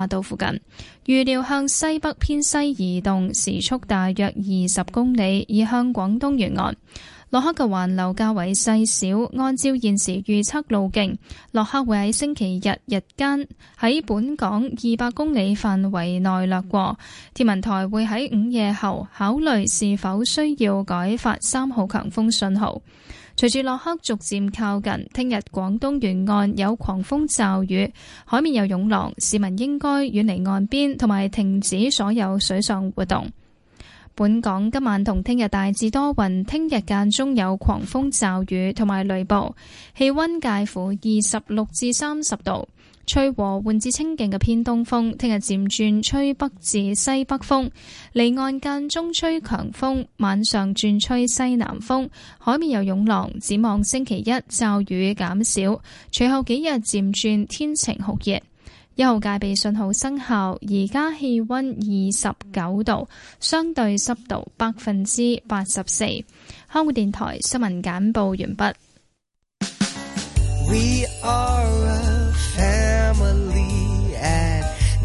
馬道附近，預料向西北偏西移動，時速大約二十公里，移向廣東沿岸。洛克嘅環流較為細小，按照現時預測路徑，洛克會喺星期日日間喺本港二百公里範圍內掠過。天文台會喺午夜後考慮是否需要改發三號強風信號。隨住洛克逐漸靠近，聽日廣東沿岸有狂風驟雨，海面有湧浪，市民應該遠離岸邊，同埋停止所有水上活動。本港今晚同聽日大致多雲，聽日間中有狂風驟雨，同埋雷暴，氣溫介乎二十六至三十度。吹和緩至清勁嘅偏東風，聽日漸轉吹北至西北風，離岸間中吹強風，晚上轉吹西南風，海面有湧浪。展望星期一驟雨減少，隨後幾日漸轉天晴酷熱。一號戒備信號生效，而家氣溫二十九度，相對濕度百分之八十四。香港電台新聞簡報完畢。We are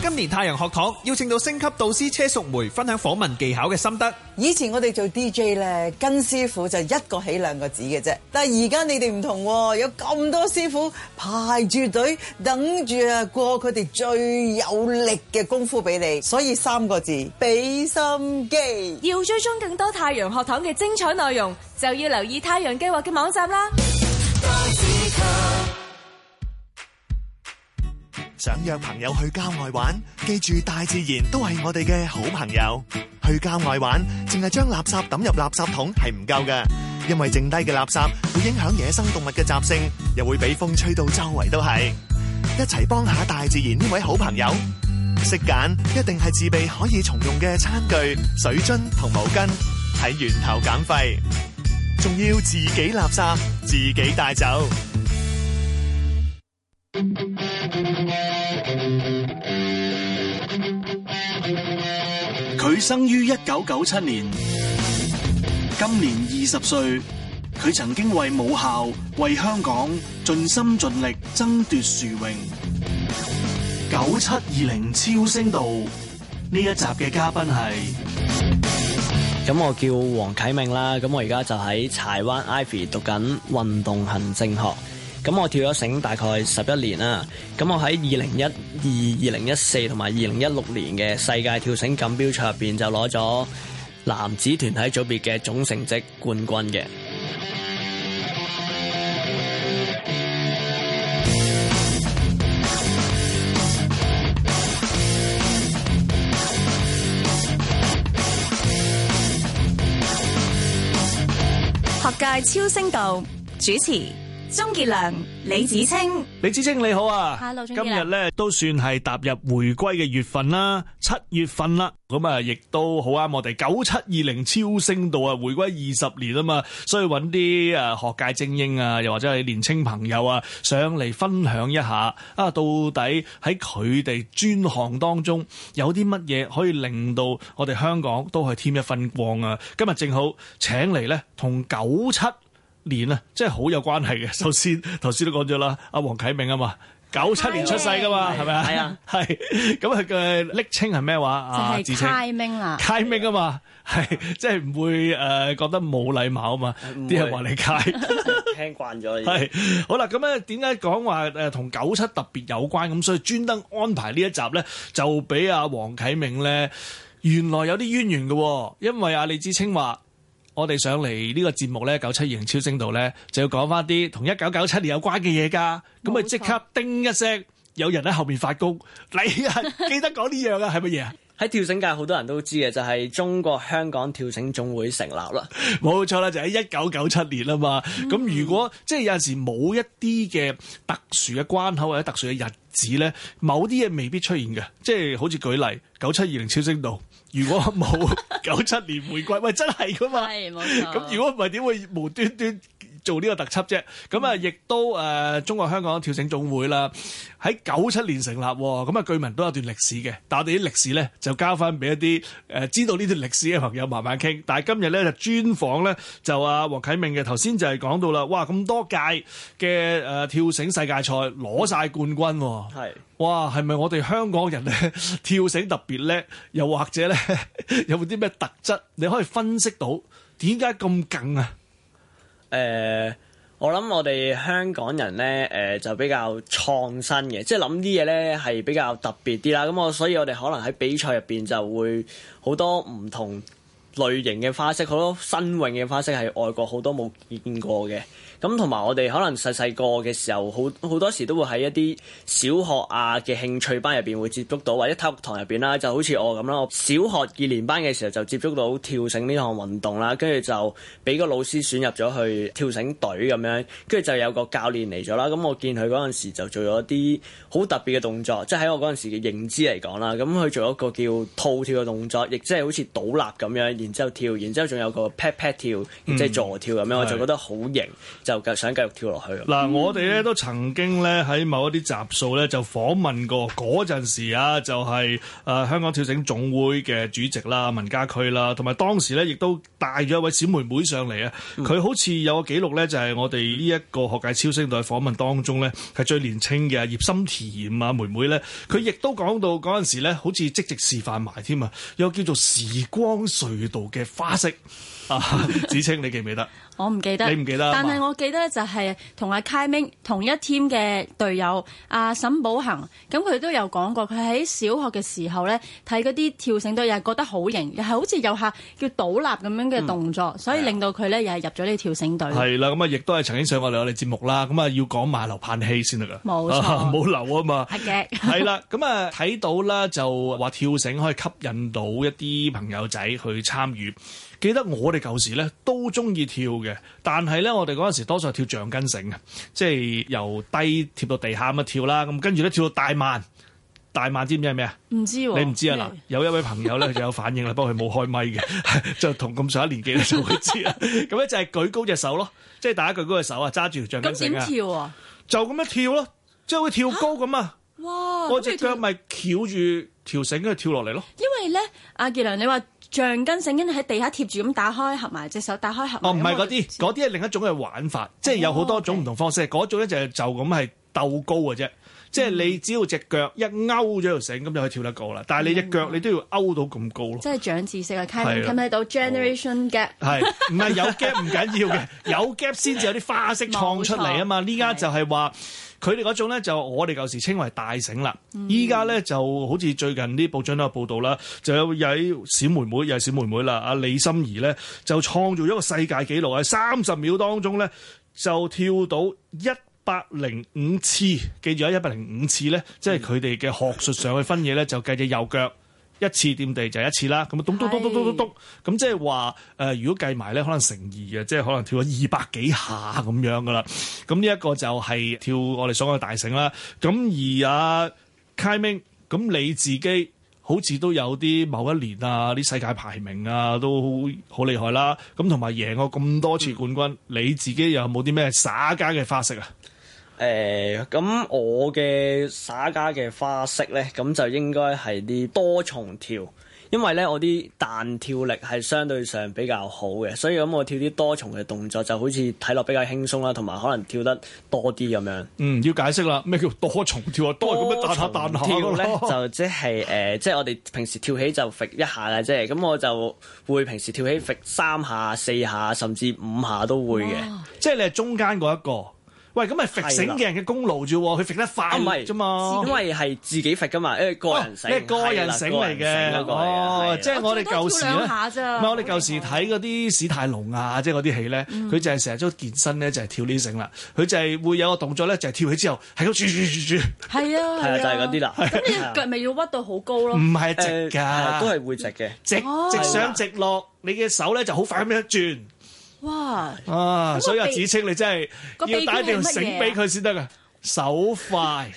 今年太陽學堂邀請到星級導師車淑梅分享訪問技巧嘅心得。以前我哋做 DJ 咧，跟師傅就一個起兩個字嘅啫。但係而家你哋唔同，有咁多師傅排住隊等住啊，過佢哋最有力嘅功夫俾你。所以三個字，俾心機。要追蹤更多太陽學堂嘅精彩內容，就要留意太陽計劃嘅網站啦。想約朋友去郊外玩，記住大自然都係我哋嘅好朋友。去郊外玩，淨係將垃圾抌入垃圾桶係唔夠嘅，因為剩低嘅垃圾會影響野生動物嘅習性，又會俾風吹到周圍都係。一齊幫下大自然呢位好朋友。識揀一定係自備可以重用嘅餐具、水樽同毛巾，喺源頭減廢，仲要自己垃圾自己帶走。佢生於一九九七年，今年二十歲。佢曾經為母校、為香港盡心盡力爭奪殊榮。九七二零超聲道：「呢一集嘅嘉賓係，咁我叫黃啟銘啦。咁我而家就喺柴灣 Ivy 讀緊運動行政學。咁我跳咗繩大概十一年啦，咁我喺二零一二、二零一四同埋二零一六年嘅世界跳繩錦標賽入邊就攞咗男子團體組別嘅總成績冠軍嘅。學界超聲道主持。鍾傑良、李芷菁，李芷菁你好啊，Hello，今日咧都算係踏入回歸嘅月份啦，七月份啦，咁啊亦都好啱我哋九七二零超升度啊回歸二十年啊嘛，所以揾啲啊學界精英啊，又或者係年青朋友啊，上嚟分享一下啊，到底喺佢哋專項當中有啲乜嘢可以令到我哋香港都係添一分光啊？今日正好請嚟咧同九七。年啊，真係好有關係嘅。首先，頭先都講咗啦，阿黃啓銘啊嘛，九七年出世噶嘛，係咪明 啊？係 啊，係咁佢嘅暱稱係咩話啊？字稱啊，timing 啊，timing 啊嘛，即係唔會誒覺得冇禮貌啊嘛，啲人話你啓聽慣咗。 係好啦，咁咧點解講話誒同九七特別有關咁？所以專登安排呢一集咧，就俾阿黃啓銘咧原來有啲淵源嘅，因為阿李芷菁話。我哋上嚟呢個節目咧，九七二零超聲度咧，就要講翻啲同一九九七年有關嘅嘢㗎。咁啊，即刻叮一聲，有人喺後面發功，你啊記得講呢樣啊？係乜嘢啊？喺跳繩界好多人都知嘅，就係中國香港跳繩總會成立啦。冇錯啦，就喺一九九七年啊嘛。咁如果即係有陣時冇一啲嘅特殊嘅關口或者特殊嘅日子咧，某啲嘢未必出現嘅。即係好似舉例，九七二零超聲度。如果冇九七年回歸，喂，真係噶嘛？係冇錯。咁如果唔係，點會無端端做呢個特輯啫？咁啊，亦都誒，中國香港跳繩總會啦，喺九七年成立，咁啊，據聞都有段歷史嘅。但我哋啲歷史咧，就交翻俾一啲誒，知道呢段歷史嘅朋友慢慢傾。但係今日咧，就專訪咧，就阿黃啓銘嘅。頭先就係講到啦，哇，咁多屆嘅誒跳繩世界賽攞晒冠軍，係。哇，係咪我哋香港人咧跳繩特別叻，又或者咧有冇啲咩特質？你可以分析到點解咁勁啊？誒、呃，我諗我哋香港人咧誒、呃、就比較創新嘅，即係諗啲嘢咧係比較特別啲啦。咁我所以我哋可能喺比賽入邊就會好多唔同類型嘅花式，好多新穎嘅花式係外國好多冇見過嘅。咁同埋我哋可能細細個嘅時候，好好多時都會喺一啲小學啊嘅興趣班入邊會接觸到，或者體育堂入邊啦，就好似我咁啦。我小學二年班嘅時候就接觸到跳繩呢項運動啦，跟住就俾個老師選入咗去跳繩隊咁樣，跟住就有個教練嚟咗啦。咁我見佢嗰陣時就做咗啲好特別嘅動作，即係喺我嗰陣時嘅認知嚟講啦。咁佢做一個叫套跳嘅動作，亦即係好似倒立咁樣，然之後跳，然之後仲有個 pat pat 跳，即係助跳咁樣，嗯、我就覺得好型。就想繼續跳落去嗱，嗯、 我哋咧都曾經咧喺某一啲集數咧就訪問過嗰陣時啊、就是，就係誒香港跳繩總會嘅主席啦，文家驅啦，同埋當時咧亦都帶咗一位小妹妹上嚟啊。佢、嗯、好似有個記錄咧，就係我哋呢一個學界跳繩隊訪問當中咧，係最年青嘅葉心甜啊妹妹咧，佢亦都講到嗰陣時咧，好似積極示範埋添啊，有叫做時光隧道嘅花式。啊！芷菁， 你記唔記得？我唔記得。你唔記得？但係我記得就係同阿啓銘同一 team 嘅隊友阿、啊、沈寶恆，咁佢都有講過，佢喺小學嘅時候咧睇嗰啲跳繩隊，又係覺得好型，又係好似有啲叫倒立咁樣嘅動作，所以令到佢咧又係入咗呢跳繩隊。係啦，咁啊，亦都係曾經上過嚟我哋節目啦。咁啊，要講埋劉盼希先得㗎。冇錯，冇漏啊嘛。係嘅。 係啦，咁啊，睇到啦，就話跳繩可以吸引到一啲朋友仔去參與。記得我哋舊時咧都中意跳嘅，但係咧我哋嗰陣時多數係跳橡筋繩嘅，即係由低跳到地下咁樣跳啦。咁跟住咧跳到大萬，大萬知唔知係咩、喔、啊？唔知喎，你唔知啊？嗱，有一位朋友咧就有反應啦，不過佢冇開咪嘅， 就同咁上一年紀咧就會知啦。咁 咧就係舉高隻手咯，即係大家舉高隻手啊，揸住條橡筋繩啊，點樣跳啊？就咁樣跳咯，即係會跳高咁啊，啊。哇！我隻腳咪翹住條繩跟住跳落嚟咯。因為咧，阿傑良，你話。橡筋繩跟住喺地下貼住咁打開合埋隻手打開合埋。哦，唔係嗰啲，嗰啲係就另一種嘅玩法，哦、即係有好多種唔同方式。哦 okay. 種咧就是、就咁係鬥高嘅啫。即係你只要隻腳一勾咗條繩，咁就可以跳得高啦。但係你隻腳你都要勾到咁高咯。即係、嗯、長知識啊！睇唔睇到 generation gap？係唔係有 gap 唔緊要嘅？有 gap 先至有啲花式創出嚟啊嘛！呢家就係話佢哋嗰種咧，就我哋舊時稱為大繩啦。依家咧就好似最近啲報章都有報道啦，就有喺小妹妹又係小妹妹啦，阿李心儀咧就創造咗一個世界紀錄喺三十秒當中咧就跳到一百零五次，記住喺一百零五次咧，即係佢哋嘅學術上去分嘢咧，就計隻右腳一次掂地就一次啦。咁咚咚咚咚咚咚咚，咁是即係話誒，如果計埋咧，可能成二嘅，即、就、係、是、可能跳咗二百幾下咁樣噶啦。咁呢一個就係跳我哋所講嘅大繩啦。咁而啊 Kai Ming，咁、嗯、你自己好似都有啲某一年啊，啲世界排名啊都好厲害啦。咁同埋贏過咁多次冠軍，嗯、你自己又冇啲咩耍家嘅花式啊？誒，咁、欸、我嘅耍家嘅花式咧，咁就應該係啲多重跳，因為咧我啲彈跳力係相對上比較好嘅，所以咁我跳啲多重嘅動作就好似睇落，比較輕鬆啦，同埋可能跳得多啲咁樣。嗯，要解釋啦，咩叫多重跳啊？ 多係咁樣彈下彈下。多重跳咧就即係誒，即、呃、係、即係、我哋平時跳起就揈一下嘅啫，即係，咁我就會平時跳起揈三下、四下，甚至五下都會嘅。哦、即係你係中間嗰一個。喂，咁咪甩醒嘅人嘅功勞啫喎，佢甩得快啫嘛。因為係自己甩噶嘛，因為個人醒。你係個人醒嚟嘅，哦，即係我哋舊時咧。唔係我哋舊時睇嗰啲史泰龍啊，即係嗰啲戲咧，佢就係成日都健身咧，就係跳呢繩啦。佢就係會有個動作咧，就係跳起之後係咁轉轉轉轉。係啊，係啊，就係嗰啲啦。咁你腳咪要屈到好高咯？唔係直㗎？都係會直嘅，直直上直落。你嘅手咧就好快咁樣一轉。哇！啊！嗯、所以阿芷菁你真係要打條繩俾佢先得㗎，手快，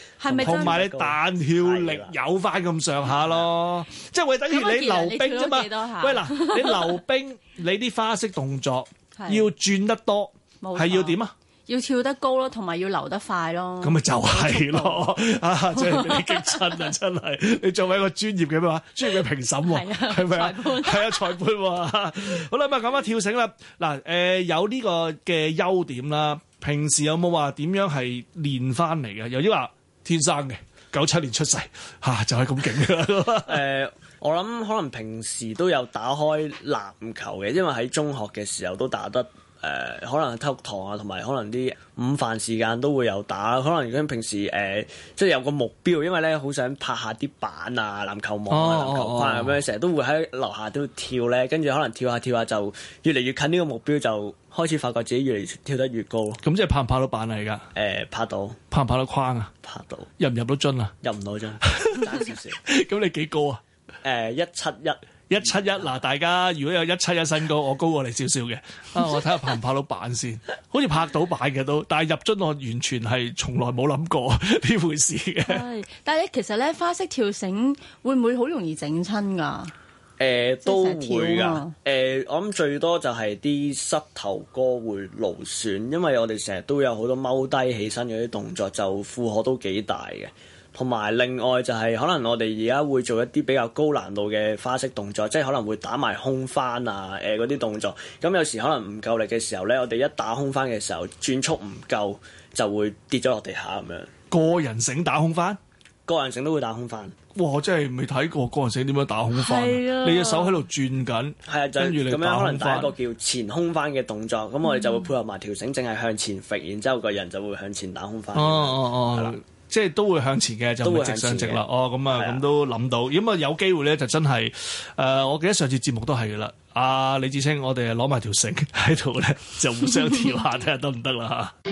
同埋 你彈跳力有返咁上下咯，即係我等於你溜冰啫嘛。嗯、 喂嗱，你溜冰你啲花式動作要轉得多，係 是 要點啊？要跳得高咯，同埋要留得快咯。咁咪就係咯，啊真係俾你激親啊！真係，你作為一個專業嘅咩話， 專業嘅評審喎，係咪 啊？裁判係吧 啊，裁判喎。好啦，咁啊，講 翻跳繩啦。嗱，誒有呢個嘅優點啦。平時有冇話點樣係練翻嚟嘅？又要話天生嘅，九七年出世嚇、啊、就係咁勁嘅啦。誒，我諗可能平時都有打開籃球嘅，因為喺中學嘅時候都打得。誒、呃、可能係體育堂啊，同埋可能啲午飯時間都會有打。可能如果平時誒，即、呃、係、就是、有個目標，因為咧好想拍下啲板啊、籃球網啊、籃球框啊咁樣，成日都會喺樓下都跳咧。跟住可能跳下跳下就越嚟越近呢個目標，就開始發覺自己越嚟越跳得越高咯。咁、哦、即係拍唔拍到板啊而家？誒、呃、拍到，拍唔拍到框啊？拍到。入唔入到樽啊？入唔到樽，打 少少。咁 你幾高啊？誒一七一。 一七一嗱，1 1, 大家如果有一七一身高，我高過你少少嘅，啊，我睇下拍唔拍到板先， 好似拍到板嘅都，但係入樽我完全係從來冇諗過呢回事嘅。係，但係咧，其實咧，花式跳繩會唔會好容易整親噶？誒、欸，都會噶。誒、欸，我諗最多就係啲膝頭哥會勞損，因為我哋成日都有好多踎低起身嗰啲動作，就負荷都幾大嘅。同埋另外就係可能我哋而家會做一啲比較高難度嘅花式動作，即係可能會打埋空翻啊，誒嗰啲動作。咁有時可能唔夠力嘅時候呢，我哋一打空翻嘅時候轉速唔夠就會跌咗落地下咁樣。個人繩打空翻，個人繩都會打空翻。哇！真係未睇過個人繩點樣打空翻，你嘅手喺度轉緊，係啊，跟住你咁樣可能打一個叫前空翻嘅動作，咁我哋就會配合埋條繩，淨係向前揈，然之後個人就會向前打空翻。哦哦哦。即係都會向前嘅，就唔係直上直落啦。哦，咁啊，咁的都諗到。如啊，有機會咧，就真係，誒、呃，我記得上次節目都係噶啦。阿、啊、李芷菁，我哋攞埋條繩喺度咧，就互相跳下睇下得唔得啦嚇。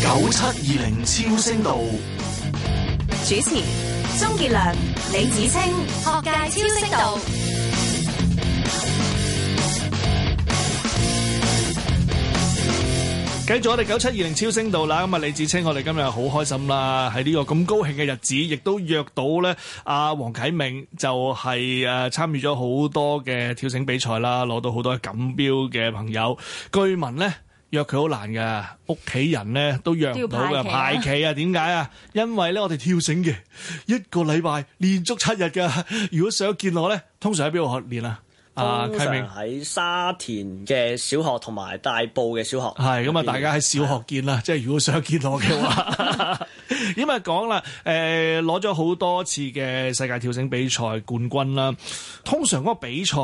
九七二零超聲道，主持：鍾傑良、李芷菁，學界超聲道。繼續我哋九七二零超聲道啦，咁啊李芷菁，我哋今日好開心啦，喺呢個咁高興嘅日子，亦都約到咧阿黃啓銘，就係誒參與咗好多嘅跳繩比賽啦，攞到好多錦標嘅朋友。據聞咧約佢好難嘅，屋企人咧都約唔到嘅，排期啊？點解啊？因為咧我哋跳繩嘅一個禮拜連續七日噶，如果想見我咧，通常喺邊度訓練啊。啊！啓銘，喺沙田嘅小學同埋大埔嘅小學，係咁啊！大家喺小學見啦，即係的如果想見我嘅話， 咁啊講啦，誒攞咗好多次嘅世界跳繩比賽冠軍啦。通常嗰個比賽，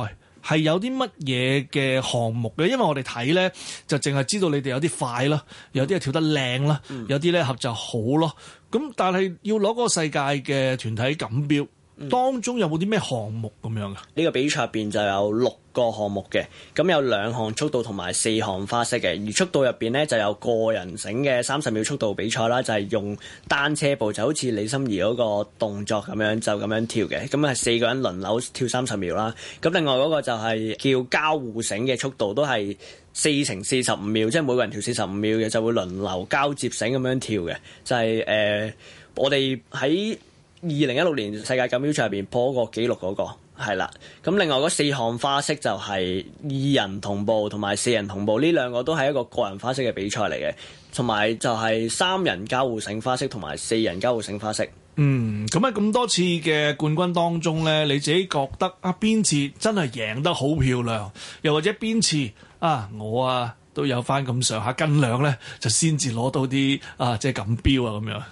係有啲乜嘢嘅項目嘅，因為我哋睇咧就淨係知道你哋有啲快啦，有啲係跳得靚啦，有啲咧合就好咯。咁、嗯、但係要攞個世界嘅團體錦標。當中有冇啲咩項目咁樣啊？呢、嗯、個比賽入邊就有六個項目嘅，咁有兩項速度同埋四項花式嘅。而速度入邊呢，就有個人繩嘅三十秒速度比賽啦，就係、是、用單車步，就好似李心儀嗰個動作咁樣就咁樣跳嘅。咁啊四個人輪流跳三十秒啦。咁另外嗰個就係叫交互繩嘅速度，都係四乘四十五秒，即、就、係、是、每個人跳四十五秒嘅，就會輪流交接繩咁樣跳嘅。就係、是、誒、呃，我哋喺。二零一六年世界錦標賽入邊破嗰個紀錄嗰個係啦，咁另外嗰四項花式就係二人同步同埋四人同步，呢兩個都係一個個人花式嘅比賽嚟嘅，同埋就係三人交互性花式同埋四人交互性花式。嗯，咁喺咁多次嘅冠軍當中咧，你自己覺得啊邊次真係贏得好漂亮，又或者邊次啊我啊都有翻咁上下斤兩咧，就先至攞到啲啊即係錦標啊咁樣。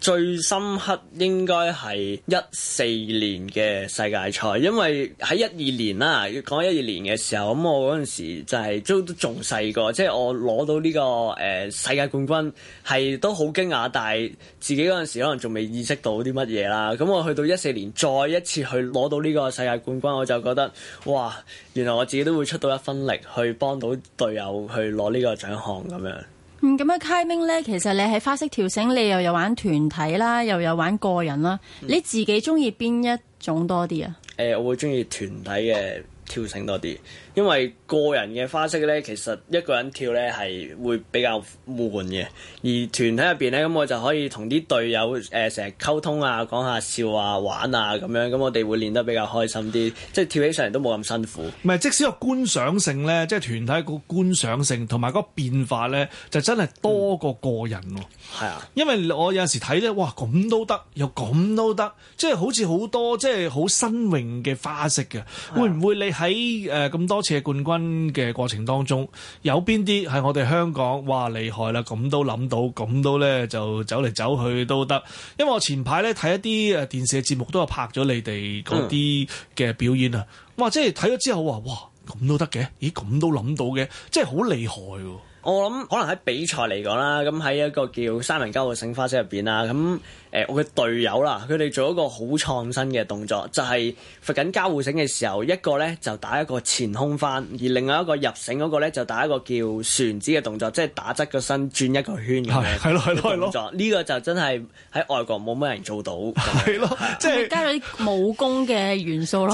最深刻應該係一四年嘅世界賽，因為喺一二年啦，講一二年嘅時候，咁我嗰陣時就係都仲細個，即係我攞到呢個誒世界冠軍係都好驚訝，但係自己嗰陣時可能仲未意識到啲乜嘢啦。咁我去到一四年再一次去攞到呢個世界冠軍，我就覺得哇，原來我自己都會出到一分力去幫到隊友去攞呢個獎項咁樣。咁啊啓銘咧，其實你喺花式跳繩，你又有玩團體啦，又有玩個人啦，你自己中意邊一種多啲啊？誒、嗯呃，我會中意團體嘅跳繩多啲。因為個人嘅花式咧，其實一個人跳咧，係會比較悶嘅，而團體入邊咧，咁我就可以同啲隊友誒成日溝通啊，講下笑啊，玩啊咁樣，咁我哋會練得比較開心啲，即係跳起上嚟都冇咁辛苦。唔係，即使個觀賞性咧，即係團體個觀賞性同埋個變化咧，就真係多過個人。咯、嗯，係啊，因為我有陣時睇咧，哇，咁都得，又咁都得，即係好似好多即係好新穎嘅花式嘅，啊、會唔會你喺誒咁多？嘅冠軍嘅過程當中，有邊啲係我哋香港哇厲害啦？咁都諗到，咁都咧就走嚟走去都得。因為我前排咧睇一啲誒電視嘅節目，都有拍咗你哋嗰啲嘅表演啊、嗯！哇，即係睇咗之後，哇，哇咁都得嘅，咦咁都諗到嘅，即係好厲害喎！我諗可能喺比賽嚟講啦，咁喺一個叫三人交換醒花式入邊啦，咁。誒、欸、我嘅隊友啦，佢哋做一個好創新嘅動作，就係揈緊交互繩嘅時候，一個咧就打一個前空翻，而另外一個入繩嗰個咧就打一個叫船子嘅動作，即係打側個身轉一個圈咁樣嘅動作。呢個就真係喺外國冇乜人做到，係咯，即係、就是、加咗啲武功嘅元素咯。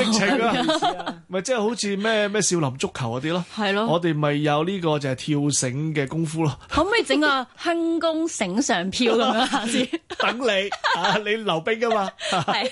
咪即係好似咩咩少林足球嗰啲咯，係咯了，我哋咪有呢個就係跳繩嘅功夫咯。 可唔可以整個輕功繩上漂咁樣先？ 等你。啊！你溜冰噶嘛？係，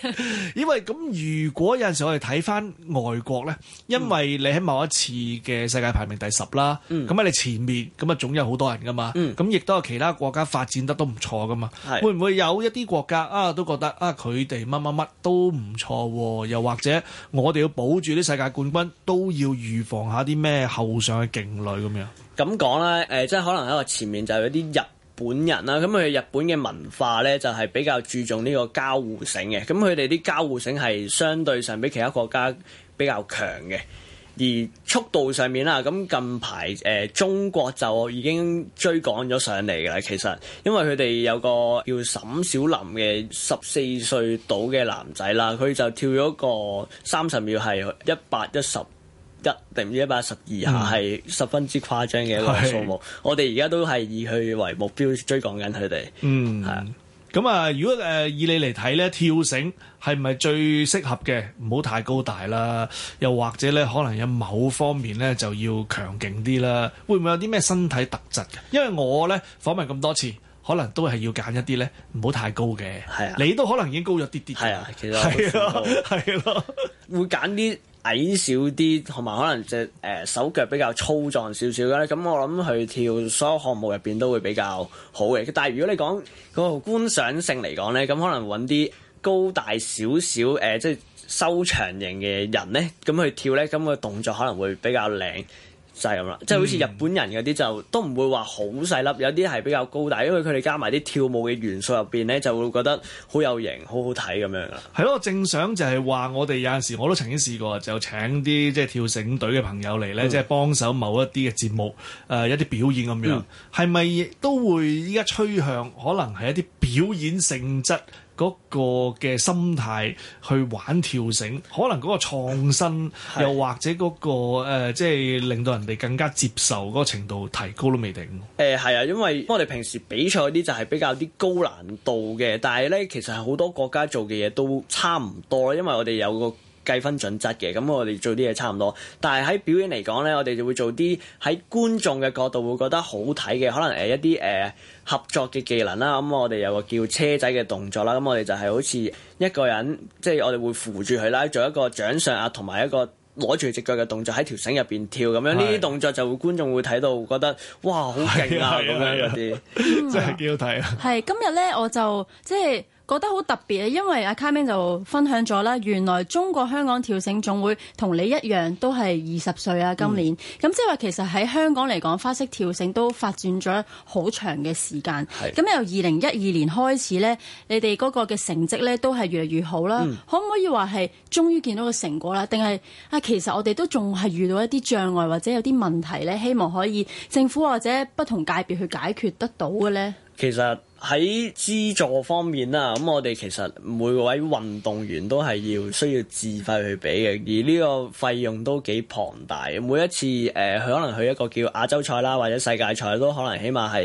因為咁如果有陣時我哋睇翻外國咧，因為你喺某一次嘅世界排名第十啦，咁喺、嗯、你前面，咁啊總有好多人噶嘛，咁亦都有其他國家發展得都唔錯噶嘛，是會唔會有一啲國家啊都覺得啊佢哋乜乜乜都唔錯、啊，又或者我哋要保住啲世界冠軍，都要預防下啲咩後上嘅勁旅咁樣？咁講咧，誒、呃，即係可能喺我前面就有啲人。本人啦，咁佢日本嘅文化咧就係比較注重呢個交互性嘅，咁佢哋啲交互性係相對上比其他國家比較強嘅。而速度上面啦，咁近排誒中國就已經追趕咗上嚟㗎啦。其實因為佢哋有個叫沈小林嘅十四歲到嘅男仔啦，佢就跳咗個三十秒係一百一十。一定唔知一百十二下，係是十分之誇張嘅一個數目。是我哋而家都係以佢為目標追趕緊佢哋。嗯，係咁啊，如果誒、呃、以你嚟睇咧，跳繩係唔係最適合嘅？唔好太高大啦，又或者咧，可能有某方面咧就要強勁啲啦。會唔會有啲咩身體特質？因為我咧訪問咁多次，可能都係要揀一啲咧，唔好太高嘅。係啊，你都可能已經高咗啲啲。係啊，其實係啊。係咯，會揀啲。矮少啲，同埋可能隻誒手腳比較粗壯少少咧，咁我諗去跳所有項目入邊都會比較好嘅。但係如果你講嗰個觀賞性嚟講咧，咁可能揾啲高大少少誒，即係修長型嘅人咧，咁去跳咧，咁個動作可能會比較靚。就係咁啦，即係好似日本人嗰啲、嗯、就都唔會話好細粒，有啲係比較高大，因為佢哋加埋啲跳舞嘅元素入邊咧，就會覺得好有型、好好睇咁樣啦。係咯，正想就係話我哋有陣時我都曾經試過，就請啲即係跳繩隊嘅朋友嚟咧，即係、嗯、幫手某一啲嘅節目誒、呃、一啲表演咁樣，係咪亦都會依家趨向可能係一啲表演性質？嗰個嘅心態去玩跳繩，可能嗰個創新又或者嗰個，誒，即係令到人哋更加接受嗰個程度提高都未定。誒係啊，因為我哋平時比賽啲就係比較啲高難度嘅，但係咧其實係好多國家做嘅嘢都差唔多，因為我哋有個計分準則嘅，咁我哋做啲嘢差唔多，但係喺表演嚟講咧，我哋就會做啲喺觀眾嘅角度會覺得好睇嘅，可能誒一啲誒、呃、合作嘅技能啦，咁我哋有個叫車仔嘅動作啦，咁我哋就係好似一個人，即係我哋會扶住佢啦，做一個掌上壓同埋一個攞住隻腳嘅動作喺條繩入邊跳咁樣，呢啲是動作就會觀眾會睇到覺得哇，好勁啊咁樣嗰啲，真係幾好睇啊！係今日咧，我就即係。就是覺得好特別啊，因為阿啓銘就分享咗啦，原來中國香港跳繩總會同你一樣都係二十歲啊，今年咁、嗯、即係話其實喺香港嚟講花式跳繩都發展咗好長嘅時間。咁是由二零一二年開始呢，你哋嗰個嘅成績呢，都係越嚟越好啦。嗯、可唔可以話係終於見到個成果啦？定係啊，其實我哋都仲係遇到一啲障礙或者有啲問題呢，希望可以政府或者不同界別去解決得到嘅呢？其實。喺資助方面啦，咁我哋其實每位運動員都係要需要自費去俾嘅，而呢個費用都幾龐大。每一次誒，佢、呃、可能去一個叫亞洲賽啦，或者世界賽都可能起碼係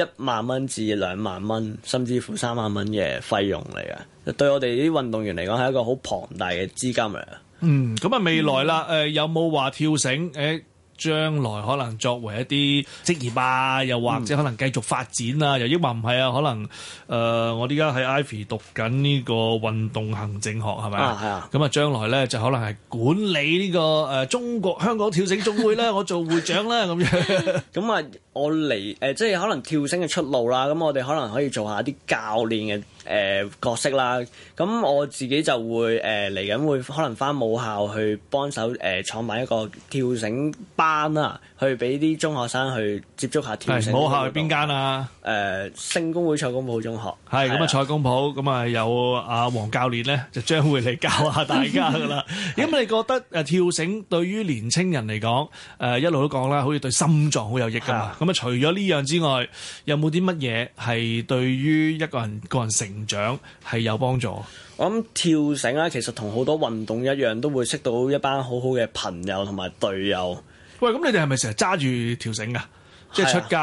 一萬蚊至兩萬蚊，甚至乎三萬蚊嘅費用嚟嘅。對我哋啲運動員嚟講，係一個好龐大嘅資金嚟。嗯，咁啊未來啦，誒、嗯呃、有冇話跳繩？誒、欸將來可能作為一啲職業啊，又或者可能繼續發展啊，嗯、又抑或唔係啊？可能誒、呃，我依家喺 Ivy 讀緊呢個運動行政學係咪啊？係啊。咁啊，將來咧就可能係管理呢、這個誒、呃、中國香港跳繩總會咧，我做會長啦，咁樣 咁啊，我嚟誒，即係可能跳繩嘅出路啦。咁我哋可能可以做下啲教練嘅。誒、呃、角色啦，咁我自己就會誒嚟緊會可能返母校去幫手誒、呃、創辦一個跳繩班啊！去俾啲中學生去接觸下跳繩是，冇去邊間啊？誒、呃，聖公會蔡功譜中學，係咁啊，蔡功譜咁啊，有阿黃教練咧，就將會嚟教下大家噶啦。咁 你覺得誒跳繩對於年青人嚟講，誒、呃、一路都講啦，好似對心臟好有益噶嘛。咁啊，除咗呢樣之外，有冇啲乜嘢係對於一個人個人成長係有幫助？我諗跳繩咧、啊，其實同好多運動一樣，都會識到一班好好嘅朋友同埋隊友。喂，咁你哋係咪成日揸住條繩噶？即係出街，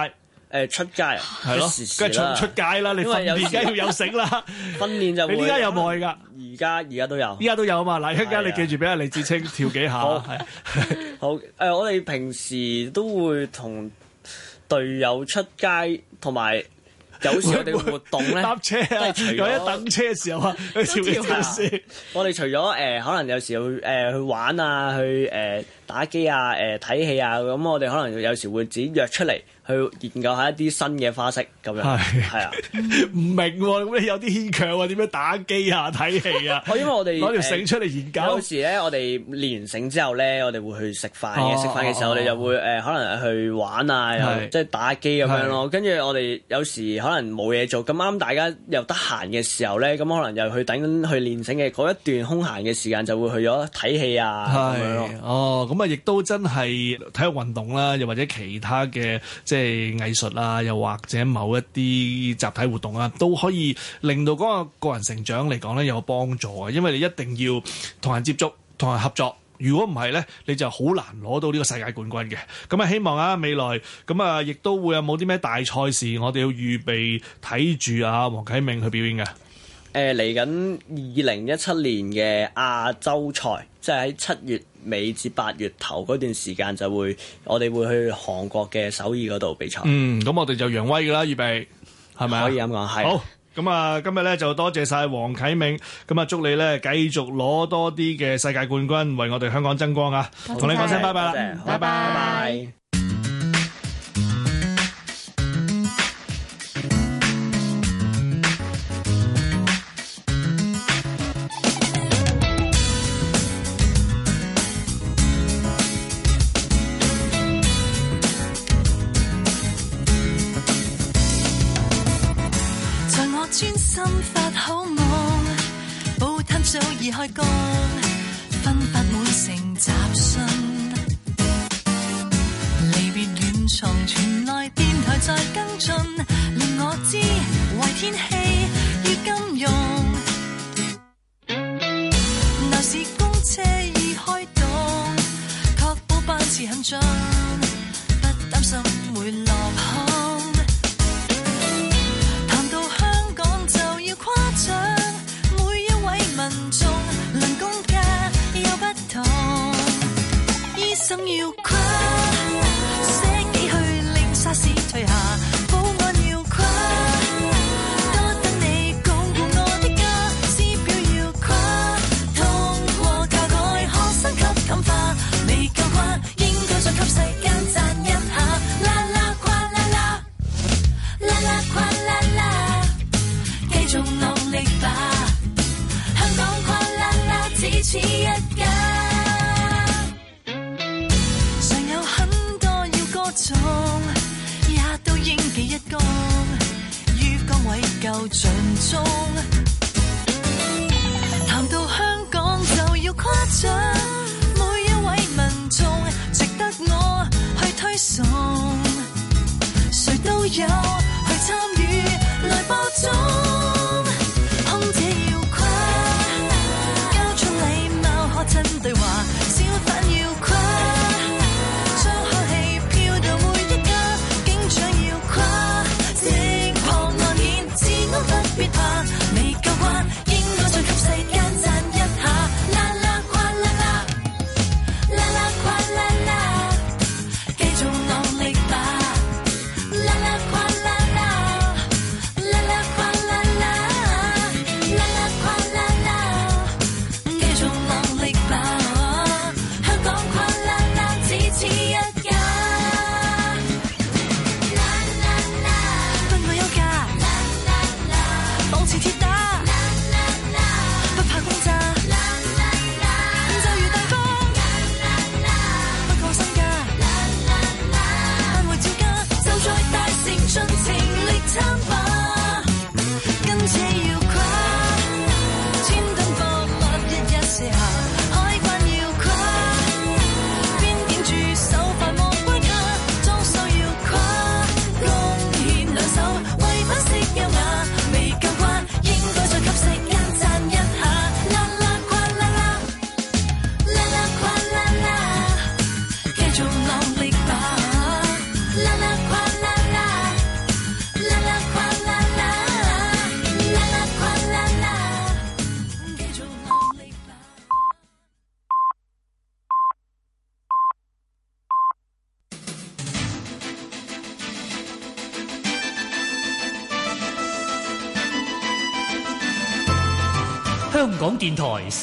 誒出街啊，係咯，梗係出出街啦。你訓練梗要有繩啦，訓練就你呢家有冇啊？而家而家都有，而家都有啊嘛。嗱，依家你記住俾阿李芷菁跳幾下。好，誒，我哋平時都會同隊友出街，同埋有時我哋會活動咧，搭車啊，除咗一等車嘅時候啊，去跳跳先。我哋除咗誒，可能有時會誒去玩啊，去誒。打機啊，誒睇戲啊，咁我哋可能有時會自己約出嚟去研究下一啲新嘅花式咁樣，係啊，唔明喎，咁你有啲牽強啊？點樣打機啊、睇戲啊？因為我哋攞條繩出嚟研究，有時咧我哋練完繩之後咧，我哋會去食飯嘅，食飯嘅時候，我哋就會誒可能去玩啊，即係打機咁樣咯。跟住我哋有時可能冇嘢做，咁啱大家又得閒嘅時候咧，咁可能又去等去練繩嘅嗰一段空閒嘅時間，就會去咗睇戲啊咁樣咯，哦。咁啊，亦都真係體育運動啦，又或者其他嘅即係藝術啊，又或者某一啲集體活動啊，都可以令到嗰個個人成長嚟講咧有幫助啊，因為你一定要同人接觸，同人合作。如果唔係咧，你就好難攞到呢個世界冠軍嘅。咁啊，希望啊未來咁啊，亦都會有冇啲咩大賽事，我哋要預備睇住啊，黃啓銘去表演嘅。誒，嚟緊二零一七年嘅亞洲賽，即係喺七月。尾至八月頭嗰段時間就會，我哋會去韓國嘅首爾嗰度比賽。嗯，咁我哋就揚威㗎啦，預備，係咪可以咁講？係。好，咁啊，今日咧就多謝晒黃啟明，咁啊祝你咧繼續攞多啲嘅世界冠軍，為我哋香港增光啊！同你講聲拜拜，拜拜。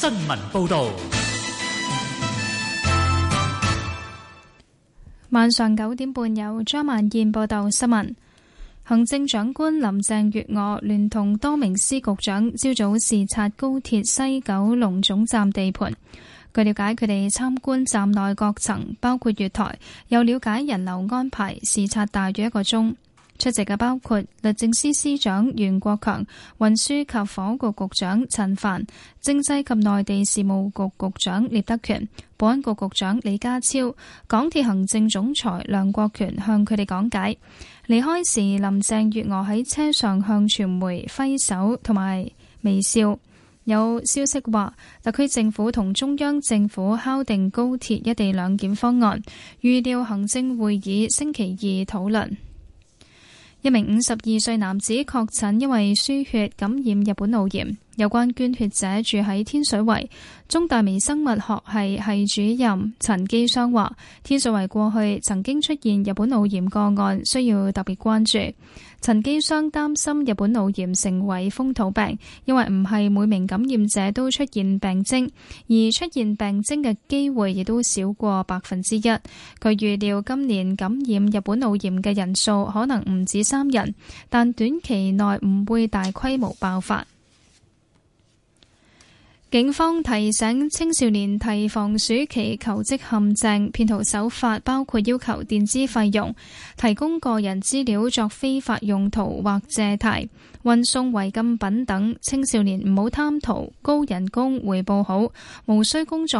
新聞報道，晚上九點半有張萬燕報道新聞。行政長官林鄭月娥聯同多名司局長，朝早視察高鐵西九龍總站地盤。據了解，佢哋參觀站內各層，包括月台，又了解人流安排，視察大約一個鐘。出席嘅包括律政司司長袁國強、運輸及房屋局局長陳凡、政制及內地事務局局長聶德權、保安局局長李家超、港鐵行政總裁梁國權，向佢哋講解。離開時，林鄭月娥喺車上向傳媒揮手同埋微笑。有消息話，特區政府同中央政府敲定高鐵一地兩檢方案，預料行政會議星期二討論。一名五十二歲男子確診，因為輸血感染日本腦炎。有關捐血者住喺天水圍，中大微生物學系系主任陳基商話，天水圍過去曾經出現日本腦炎個案，需要特別關注。陳基商擔心日本腦炎成為風土病，因為唔係每名感染者都出現病徵，而出現病徵嘅機會亦都少過百分之一。佢預料今年感染日本腦炎嘅人數可能唔止三人，但短期內唔會大規模爆發。警方提醒青少年提防暑期求職陷阱，騙徒手法包括要求墊資費用、提供個人資料作非法用途或借貸、運送違禁品等。青少年唔好貪圖高人工回報好，無需工作。